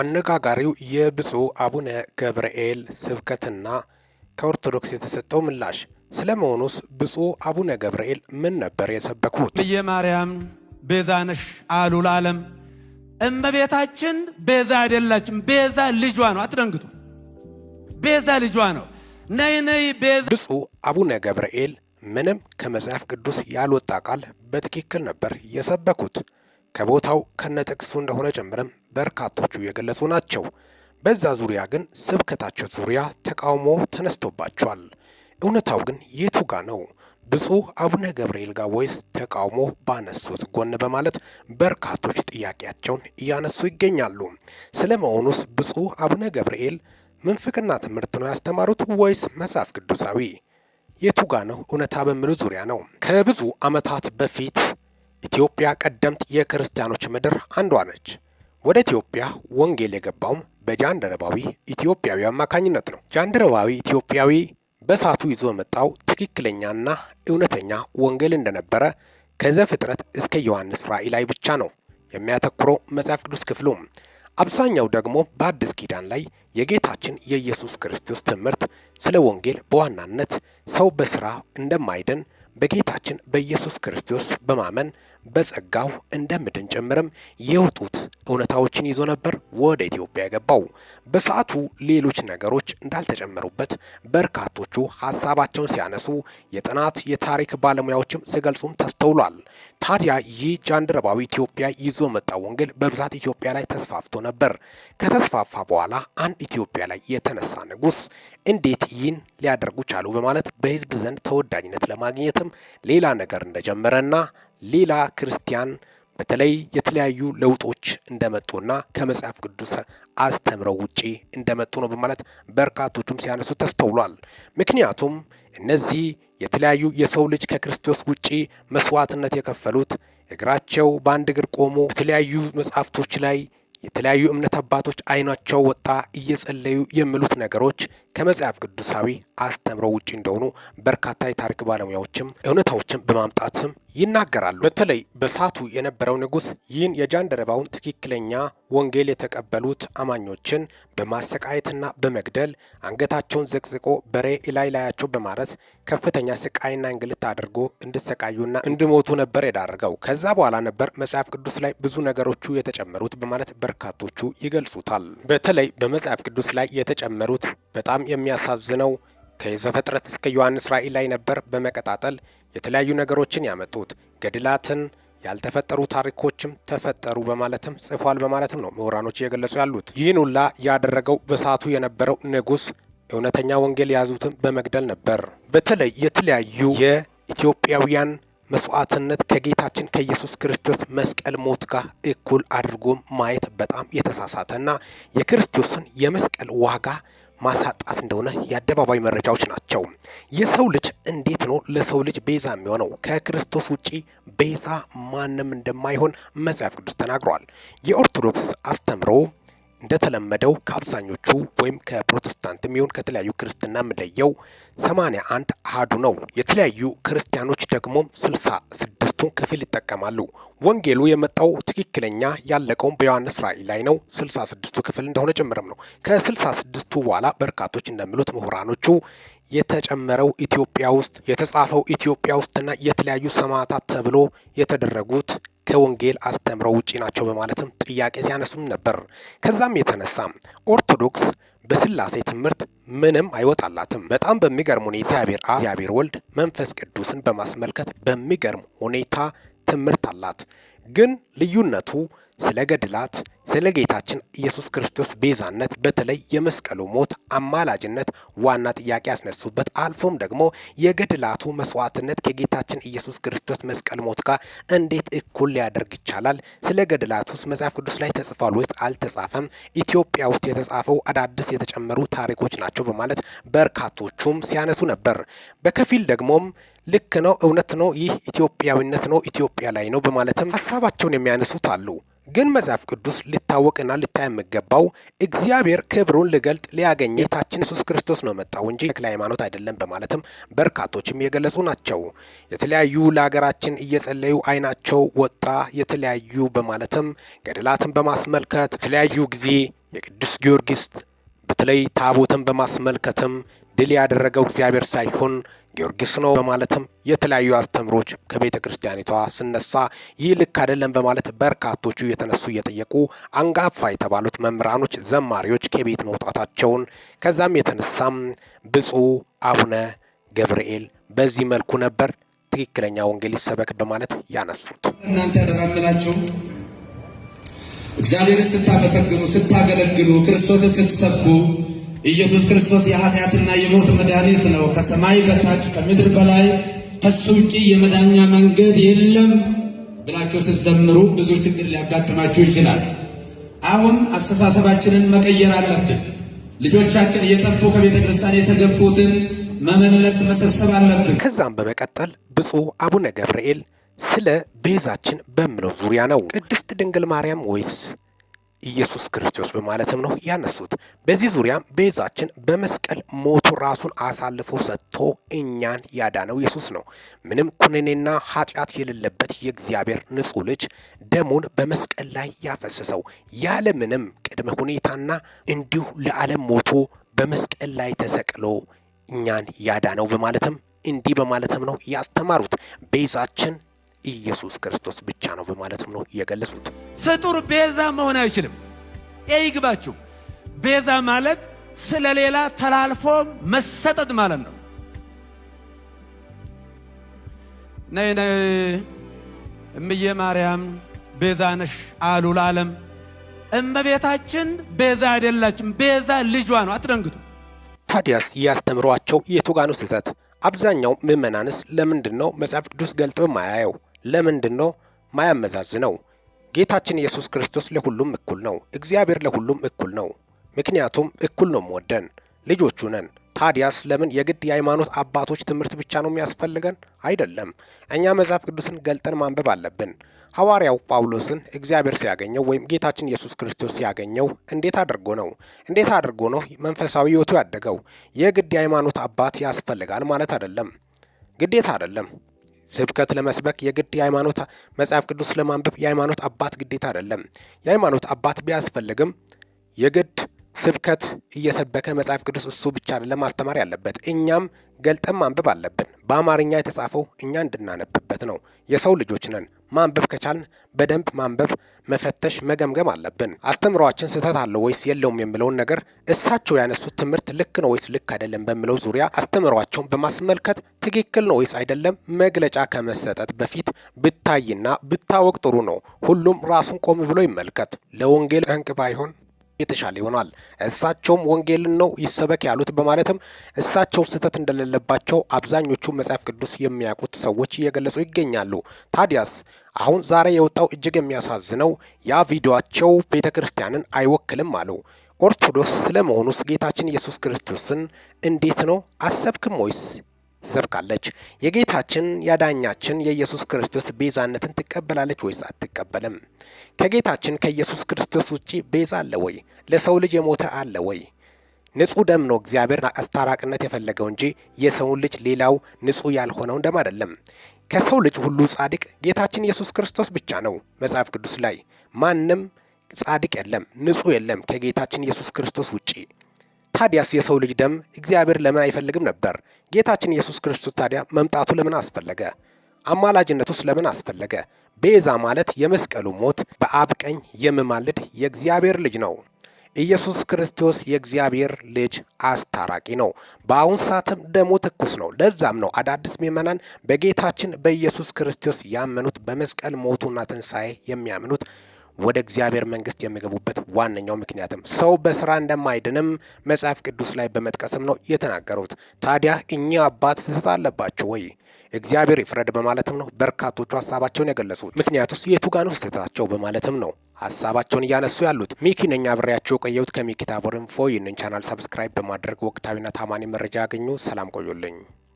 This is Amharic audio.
አነጋጋሪው የብፁዕ አቡነ ገብርኤል ስብከትና ከኦርቶዶክስ የተሰጠው ምላሽ። ስለመሆኑስ ብፁዕ አቡነ ገብርኤል ምን ነበር የሰበኩት? የማርያም ቤዛ ነሽ አሉ ለዓለም። እመቤታችን ቤዛ አይደላችም። ቤዛ ልጇ ነው። አትደንግጡ። ቤዛ ልጇ ነው። ነይ ነይ ቤዛ። ብፁዕ አቡነ ገብርኤል ምንም ከመጽሐፍ ቅዱስ ያልወጣ ቃል በትክክል ነበር የሰበኩት። ከቦታው ከነጥቅሱ እንደሆነ ጭምርም በርካቶቹ የገለጹ ናቸው። በዛ ዙሪያ ግን ስብከታቸው ዙሪያ ተቃውሞ ተነስቶባቸዋል። እውነታው ግን የቱ ጋ ነው? ብፁዕ አቡነ ገብርኤል ጋር ወይስ ተቃውሞ ባነሱት ጎን በማለት በርካቶች ጥያቄያቸውን እያነሱ ይገኛሉ። ስለ መሆኑስ ብፁዕ አቡነ ገብርኤል ምንፍቅና ትምህርት ነው ያስተማሩት ወይስ መጽሐፍ ቅዱሳዊ? የቱ ጋ ነው እውነታ በሚሉ ዙሪያ ነው። ከብዙ ዓመታት በፊት ኢትዮጵያ ቀደምት የክርስቲያኖች ምድር አንዷ ነች። ወደ ኢትዮጵያ ወንጌል የገባውም በጃንደረባዊ ኢትዮጵያዊ አማካኝነት ነው። ጃንደረባዊ ኢትዮጵያዊ በሳቱ ይዞ መጣው ትክክለኛና እውነተኛ ወንጌል እንደነበረ ከዘፍጥረት እስከ ዮሐንስ ራእይ ላይ ብቻ ነው የሚያተኩረው መጽሐፍ ቅዱስ ክፍሉም አብዛኛው ደግሞ በአዲስ ኪዳን ላይ የጌታችን የኢየሱስ ክርስቶስ ትምህርት ስለ ወንጌል በዋናነት ሰው በስራ እንደማይድን በጌታችን በኢየሱስ ክርስቶስ በማመን በጸጋው እንደምድን ጭምርም የወጡት እውነታዎችን ይዞ ነበር ወደ ኢትዮጵያ የገባው። በሰዓቱ ሌሎች ነገሮች እንዳልተጨመሩበት በርካቶቹ ሀሳባቸውን ሲያነሱ የጥናት የታሪክ ባለሙያዎችም ሲገልጹም ተስተውሏል። ታዲያ ይህ ጃንደረባዊ ኢትዮጵያ ይዞ መጣ ወንጌል በብዛት ኢትዮጵያ ላይ ተስፋፍቶ ነበር። ከተስፋፋ በኋላ አንድ ኢትዮጵያ ላይ የተነሳ ንጉስ እንዴት ይህን ሊያደርጉ ቻሉ በማለት በህዝብ ዘንድ ተወዳጅነት ለማግኘትም ሌላ ነገር እንደጀመረና ሌላ ክርስቲያን በተለይ የተለያዩ ለውጦች እንደመጡና ከመጽሐፍ ቅዱስ አስተምረው ውጪ እንደመጡ ነው በማለት በርካቶቹም ሲያነሱ ተስተውሏል። ምክንያቱም እነዚህ የተለያዩ የሰው ልጅ ከክርስቶስ ውጪ መስዋዕትነት የከፈሉት እግራቸው በአንድ እግር ቆሞ በተለያዩ መጽሐፍቶች ላይ የተለያዩ እምነት አባቶች አይናቸው ወጣ እየጸለዩ የሚሉት ነገሮች ከመጽሐፍ ቅዱሳዊ አስተምሮ ውጪ እንደሆኑ በርካታ የታሪክ ባለሙያዎችም እውነታዎችን በማምጣትም ይናገራሉ። በተለይ በሳቱ የነበረው ንጉስ ይህን የጃንደረባውን ትክክለኛ ወንጌል የተቀበሉት አማኞችን በማሰቃየትና በመግደል አንገታቸውን ዘቅዝቆ በሬ እላይ ላያቸው በማረስ ከፍተኛ ስቃይና እንግልት አድርጎ እንዲሰቃዩና እንዲሞቱ ነበር የዳረገው። ከዛ በኋላ ነበር መጽሐፍ ቅዱስ ላይ ብዙ ነገሮቹ የተጨመሩት በማለት በርካቶቹ ይገልጹታል። በተለይ በመጽሐፍ ቅዱስ ላይ የተጨመሩት በጣም የሚያሳዝነው ከዘፍጥረት እስከ ዮሐንስ ራእይ ላይ ነበር በመቀጣጠል የተለያዩ ነገሮችን ያመጡት ገድላትን ያልተፈጠሩ ታሪኮችም ተፈጠሩ በማለትም ጽፏል በማለትም ነው ምሁራኖች እየገለጹ ያሉት። ይህን ሁላ ያደረገው በሰዓቱ የነበረው ንጉስ እውነተኛ ወንጌል የያዙትን በመግደል ነበር። በተለይ የተለያዩ የኢትዮጵያውያን መስዋዕትነት ከጌታችን ከኢየሱስ ክርስቶስ መስቀል ሞት ጋር እኩል አድርጎ ማየት በጣም የተሳሳተና የክርስቶስን የመስቀል ዋጋ ማሳጣት እንደሆነ የአደባባይ መረጃዎች ናቸው። የሰው ልጅ እንዴት ነው ለሰው ልጅ ቤዛ የሚሆነው? ከክርስቶስ ውጪ ቤዛ ማንም እንደማይሆን መጽሐፍ ቅዱስ ተናግሯል። የኦርቶዶክስ አስተምሮ እንደተለመደው ከአብዛኞቹ ወይም ከፕሮቴስታንት የሚሆን ከተለያዩ ክርስትና የምለየው 81 አህዱ ነው። የተለያዩ ክርስቲያኖች ደግሞ 66 የመንግስቱን ክፍል ይጠቀማሉ። ወንጌሉ የመጣው ትክክለኛ ያለቀውን በዮሐንስ ራእይ ላይ ነው፣ 66ቱ ክፍል እንደሆነ ጭምርም ነው። 66 በኋላ በርካቶች እንደሚሉት ምሁራኖቹ የተጨመረው ኢትዮጵያ ውስጥ የተጻፈው ኢትዮጵያ ውስጥና የተለያዩ ሰማዕታት ተብሎ የተደረጉት ከወንጌል አስተምረው ውጪ ናቸው በማለትም ጥያቄ ሲያነሱም ነበር። ከዛም የተነሳ ኦርቶዶክስ በስላሴ ትምህርት ምንም አይወጣላትም። በጣም በሚገርም ሁኔታ እግዚአብሔር አብ፣ እግዚአብሔር ወልድ፣ መንፈስ ቅዱስን በማስመልከት በሚገርም ሁኔታ ትምህርት አላት። ግን ልዩነቱ ስለ ገድላት፣ ስለ ጌታችን ኢየሱስ ክርስቶስ ቤዛነት፣ በተለይ የመስቀሉ ሞት አማላጅነት ዋና ጥያቄ ያስነሱበት አልፎም ደግሞ የገድላቱ መስዋዕትነት ከጌታችን ኢየሱስ ክርስቶስ መስቀል ሞት ጋር እንዴት እኩል ሊያደርግ ይቻላል? ስለ ገድላቱስ መጽሐፍ ቅዱስ ላይ ተጽፏል ወይስ አልተጻፈም? ኢትዮጵያ ውስጥ የተጻፈው አዳዲስ የተጨመሩ ታሪኮች ናቸው በማለት በርካቶቹም ሲያነሱ ነበር። በከፊል ደግሞም ልክ ነው፣ እውነት ነው፣ ይህ ኢትዮጵያዊነት ነው፣ ኢትዮጵያ ላይ ነው በማለትም ሀሳባቸውን የሚያነሱት አሉ። ግን መጽሐፍ ቅዱስ ሊታወቅና ሊታይ የሚገባው እግዚአብሔር ክብሩን ልገልጥ ሊያገኝ ጌታችን ኢየሱስ ክርስቶስ ነው መጣው እንጂ ተክለ ሃይማኖት አይደለም በማለትም በርካቶችም የገለጹ ናቸው። የተለያዩ ለሀገራችን እየጸለዩ አይናቸው ወጣ የተለያዩ በማለትም ገድላትን በማስመልከት የተለያዩ ጊዜ የቅዱስ ጊዮርጊስ በተለይ ታቦትን በማስመልከትም ድል ያደረገው እግዚአብሔር ሳይሆን ጊዮርጊስ ነው በማለትም የተለያዩ አስተምሮች ከቤተ ክርስቲያኒቷ ስነሳ ይህ ልክ አይደለም በማለት በርካቶቹ እየተነሱ እየጠየቁ አንጋፋ የተባሉት መምህራኖች፣ ዘማሪዎች ከቤት መውጣታቸውን ከዛም የተነሳም ብፁዕ አቡነ ገብርኤል በዚህ መልኩ ነበር ትክክለኛ ወንጌል ይሰበክ በማለት ያነሱት። እናንተ ያደራምላችሁ እግዚአብሔርን ስታመሰግኑ ስታገለግሉ ክርስቶስን ስትሰብኩ ኢየሱስ ክርስቶስ የኃጢአትና የሞት መድኃኒት ነው። ከሰማይ በታች ከምድር በላይ ከሱ ውጪ የመዳኛ መንገድ የለም ብላችሁ ስትዘምሩ ብዙ ችግር ሊያጋጥማችሁ ይችላል። አሁን አስተሳሰባችንን መቀየር አለብን። ልጆቻችን እየጠፉ ከቤተ ክርስቲያን የተገፉትን መመለስ መሰብሰብ አለብን። ከዛም በመቀጠል ብፁዕ አቡነ ገብርኤል ስለ ቤዛችን በሚለው ዙሪያ ነው። ቅድስት ድንግል ማርያም ወይስ ኢየሱስ ክርስቶስ በማለትም ነው ያነሱት። በዚህ ዙሪያ ቤዛችን በመስቀል ሞቱ ራሱን አሳልፎ ሰጥቶ እኛን ያዳነው ኢየሱስ ነው። ምንም ኩነኔና ኃጢአት የሌለበት የእግዚአብሔር ንጹሕ ልጅ ደሙን በመስቀል ላይ ያፈሰሰው ምንም ቅድመ ሁኔታና እንዲሁ ለዓለም ሞቶ በመስቀል ላይ ተሰቅሎ እኛን ያዳነው በማለትም እንዲህ በማለትም ነው ያስተማሩት። ቤዛችን ኢየሱስ ክርስቶስ ብቻ ነው በማለትም ነው የገለጹት። ፍጡር ቤዛ መሆን አይችልም። ይግባችሁ። ቤዛ ማለት ስለ ሌላ ተላልፎ መሰጠት ማለት ነው። ነይ ነይ እምዬ ማርያም ቤዛ ነሽ አሉ ለዓለም። እመቤታችን ቤዛ አይደላችም፣ ቤዛ ልጇ ነው። አትደንግጡ። ታዲያስ ያስተምሯቸው የቱጋኑ ስህተት? አብዛኛው ምዕመናንስ ለምንድን ነው መጽሐፍ ቅዱስ ገልጦ የማያየው? ለምንድን ነው ማያመዛዝነው? ጌታችን ኢየሱስ ክርስቶስ ለሁሉም እኩል ነው። እግዚአብሔር ለሁሉም እኩል ነው። ምክንያቱም እኩል ነው ወደን ልጆቹ ነን። ታዲያስ ለምን የግድ የሃይማኖት አባቶች ትምህርት ብቻ ነው የሚያስፈልገን? አይደለም። እኛ መጽሐፍ ቅዱስን ገልጠን ማንበብ አለብን። ሐዋርያው ጳውሎስን እግዚአብሔር ሲያገኘው ወይም ጌታችን ኢየሱስ ክርስቶስ ሲያገኘው እንዴት አድርጎ ነው እንዴት አድርጎ ነው መንፈሳዊ ሕይወቱ ያደገው? የግድ የሃይማኖት አባት ያስፈልጋል ማለት አይደለም፣ ግዴታ አይደለም። ስብከት ለመስበክ የግድ የሃይማኖት መጽሐፍ ቅዱስ ለማንበብ የሃይማኖት አባት ግዴታ አይደለም። የሃይማኖት አባት ቢያስፈልግም የግድ ስብከት እየሰበከ መጽሐፍ ቅዱስ እሱ ብቻ ነው ለማስተማር ያለበት፣ እኛም ገልጠን ማንበብ አለብን። በአማርኛ የተጻፈው እኛ እንድናነብበት ነው። የሰው ልጆች ነን። ማንበብ ከቻልን በደንብ ማንበብ፣ መፈተሽ፣ መገምገም አለብን። አስተምሯችን ስህተት አለው ወይስ የለውም የሚለውን ነገር እሳቸው ያነሱት ትምህርት ልክ ነው ወይስ ልክ አይደለም በሚለው ዙሪያ አስተምሯቸውን በማስመልከት ትክክል ነው ወይስ አይደለም መግለጫ ከመሰጠት በፊት ብታይና ብታወቅ ጥሩ ነው። ሁሉም ራሱን ቆም ብሎ ይመልከት። ለወንጌል ጠንቅ ባይሆን የተሻለ ይሆናል። እሳቸውም ወንጌልን ነው ይሰበክ ያሉት በማለትም እሳቸው ስህተት እንደሌለባቸው አብዛኞቹ መጽሐፍ ቅዱስ የሚያውቁት ሰዎች እየገለጹ ይገኛሉ። ታዲያስ አሁን ዛሬ የወጣው እጅግ የሚያሳዝነው ያ ቪዲዮቸው ቤተ ክርስቲያንን አይወክልም አሉ። ኦርቶዶክስ ስለመሆኑስ ጌታችን ኢየሱስ ክርስቶስን እንዴት ነው አሰብክም ወይስ ሰብካለች። የጌታችን ያዳኛችን የኢየሱስ ክርስቶስ ቤዛነትን ትቀበላለች ወይስ አትቀበልም? ከጌታችን ከኢየሱስ ክርስቶስ ውጪ ቤዛ አለ ወይ? ለሰው ልጅ የሞተ አለ ወይ? ንጹህ ደም ነው እግዚአብሔር አስታራቅነት የፈለገው እንጂ የሰውን ልጅ ሌላው ንጹህ ያልሆነው ደም አይደለም። ከሰው ልጅ ሁሉ ጻድቅ ጌታችን ኢየሱስ ክርስቶስ ብቻ ነው። መጽሐፍ ቅዱስ ላይ ማንም ጻድቅ የለም፣ ንጹህ የለም ከጌታችን ኢየሱስ ክርስቶስ ውጪ ታዲያስ የሰው ልጅ ደም እግዚአብሔር ለምን አይፈልግም ነበር? ጌታችን ኢየሱስ ክርስቶስ ታዲያ መምጣቱ ለምን አስፈለገ? አማላጅነቱስ ለምን አስፈለገ? ቤዛ ማለት የመስቀሉ ሞት በአብ ቀኝ የምማልድ የእግዚአብሔር ልጅ ነው። ኢየሱስ ክርስቶስ የእግዚአብሔር ልጅ አስታራቂ ነው። በአሁን ሰዓትም ደሙ ትኩስ ነው። ለዛም ነው አዳዲስ ምእመናን በጌታችን በኢየሱስ ክርስቶስ ያመኑት በመስቀል ሞቱና ትንሣኤ የሚያምኑት ወደ እግዚአብሔር መንግስት የሚገቡበት ዋነኛው ምክንያትም ሰው በስራ እንደማይድንም መጽሐፍ ቅዱስ ላይ በመጥቀስም ነው የተናገሩት። ታዲያ እኚህ አባት ስህተት አለባቸው ወይ? እግዚአብሔር ይፍረድ በማለትም ነው በርካቶቹ ሀሳባቸውን የገለጹት። ምክንያቱስ የቱ ጋር ነው ስህተታቸው በማለትም ነው ሀሳባቸውን እያነሱ ያሉት። ሚኪ ነኝ፣ አብሬያቸው የቆየሁት ከሚኪ ኢንፎ። ይህንን ቻናል ሰብስክራይብ በማድረግ ወቅታዊና ታማኒ መረጃ ያገኙ። ሰላም ቆዩልኝ።